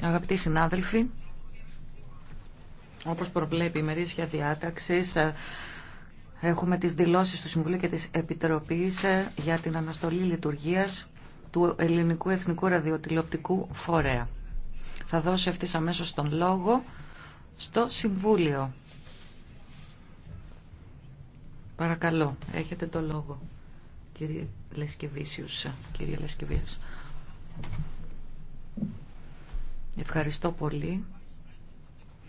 Αγαπητοί συνάδελφοι, όπως προβλέπει η μερίσια διάταξη, ε, έχουμε τις δηλώσεις του Συμβουλίου και τη Επιτροπής ε, για την αναστολή λειτουργίας Ελληνικού Εθνικού Ραδιοτηλεοπτικού Φορέα. Θα δώσω ευθύς αμέσως τον λόγο στο Συμβούλιο. Παρακαλώ, έχετε το λόγο, κύριε Λεσκεβίσιους. Κύριε Λεσκεβίσιους. Ευχαριστώ πολύ.